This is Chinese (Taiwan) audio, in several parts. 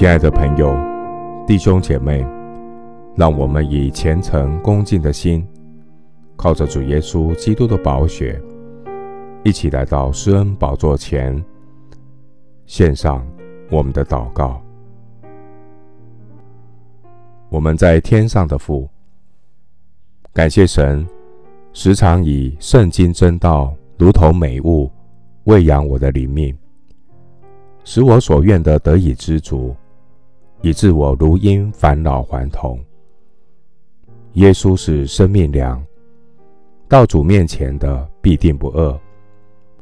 親愛的朋友、弟兄姐妹，讓我們以虔誠恭敬的心，靠着主耶穌基督的寶血，一起來到施恩寶座前，獻上我們的禱告。我們在天上的父，感謝神，時常以聖經真道如同美物，餵養我的靈命，使我所願的得以知足。以致我如鷹返老還童。耶穌是生命糧，到主面前的必定不餓，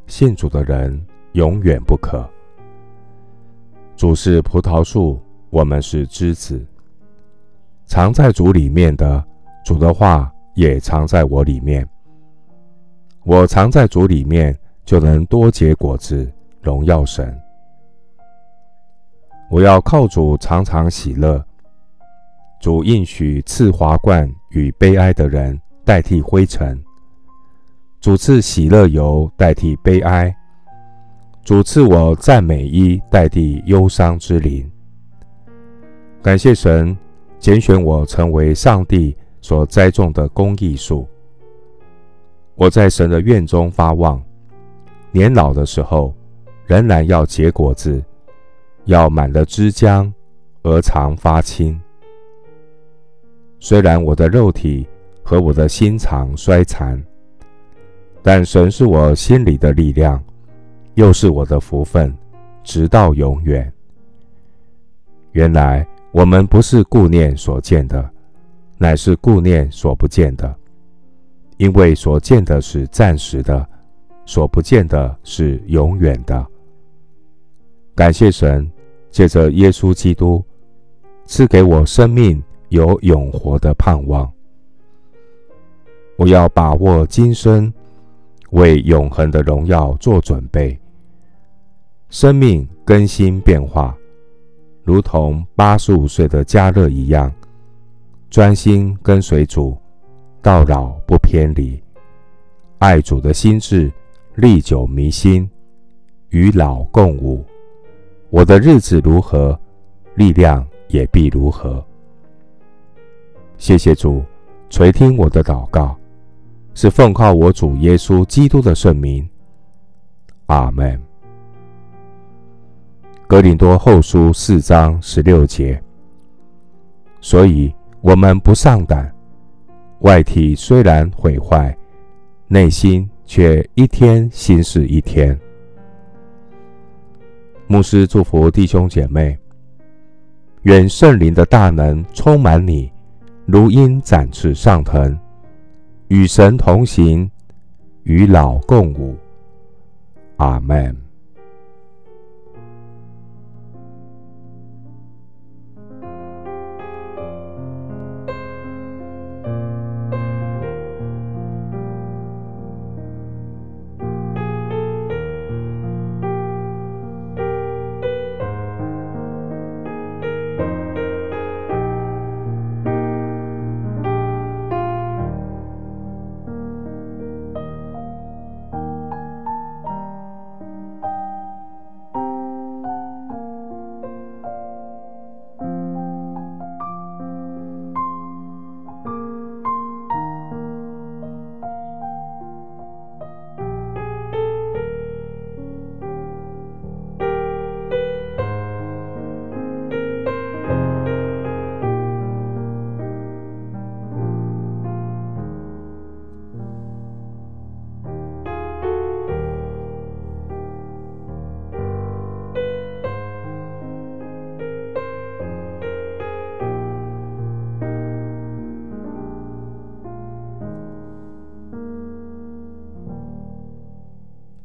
信主的人永遠不渴。主是葡萄樹，我們是枝子，藏在主裡面的，主的話也藏在我裡面。我藏在主裡面，就能多結果子，榮耀神。我要靠主常常喜樂，主應許賜華冠與悲哀的人代替灰塵，主賜喜樂油代替悲哀，主賜我讚美衣代替憂傷之靈。感謝神揀選我成為上帝所栽種的公義樹，我在神的院中發旺，年老的時候仍然要結果子。要滿了汁漿，而常發青。雖然我的肉體和我的心腸衰殘，但神是我心裡的力量，又是我的福分，直到永遠。原來我們不是顧念所見的，乃是顧念所不見的，因為所見的是暫時的，所不見的是永遠的。感謝神。借着耶穌基督賜給我生命，有永活的盼望。我要把握今生，為永恆的榮耀做準備。生命更新變化，如同八十五歲的迦勒一樣，專心跟隨主，到老不偏離，愛主的心志歷久彌新，與老共舞。我的日子如何，力量也必如何。謝謝主垂聽我的禱告，是奉靠我主耶穌基督的聖名。阿門。哥林多後書四章十六節。所以我們不喪膽，外體雖然毀壞，內心卻一天新似一天。牧師祝福弟兄姐妹，願聖靈的大能充滿你，如鷹展翅上騰，與神同行，與老共舞。阿門。